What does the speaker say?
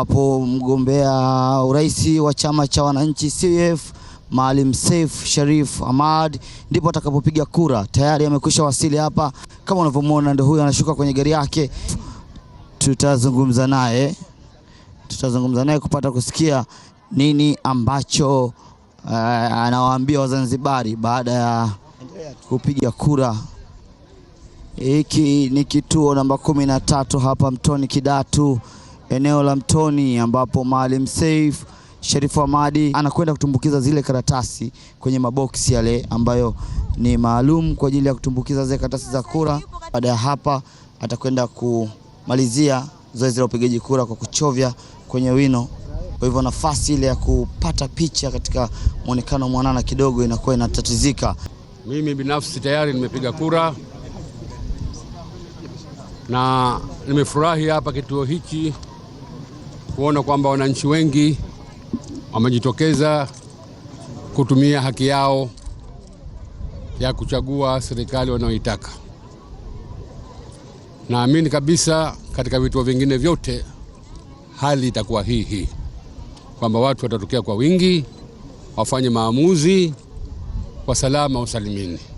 Hapo mgombea urais wa chama cha wananchi CUF Maalim Seif Sharif Hamad ndipo atakapopiga kura. Tayari amekwisha wasili hapa, kama unavyomwona ndio huyo anashuka kwenye gari yake. Tutazungumza naye, tutazungumza naye kupata kusikia nini ambacho uh, anawaambia Wazanzibari baada ya kupiga kura. Hiki ni kituo namba kumi na tatu hapa Mtoni Kidatu eneo la Mtoni ambapo Maalim Seif Sharif Hamad anakwenda kutumbukiza zile karatasi kwenye maboksi yale ambayo ni maalum kwa ajili ya kutumbukiza zile karatasi za kura. Baada ya hapa, atakwenda kumalizia zoezi la upigaji kura kwa kuchovya kwenye wino. Kwa hivyo nafasi ile ya kupata picha katika muonekano mwanana kidogo inakuwa inatatizika. Mimi binafsi tayari nimepiga kura na nimefurahi hapa kituo hiki kuona kwamba wananchi wengi wamejitokeza kutumia haki yao ya kuchagua serikali wanayoitaka. Naamini kabisa katika vituo vingine vyote hali itakuwa hii hii, kwamba watu watatokea kwa wingi wafanye maamuzi kwa salama usalimini.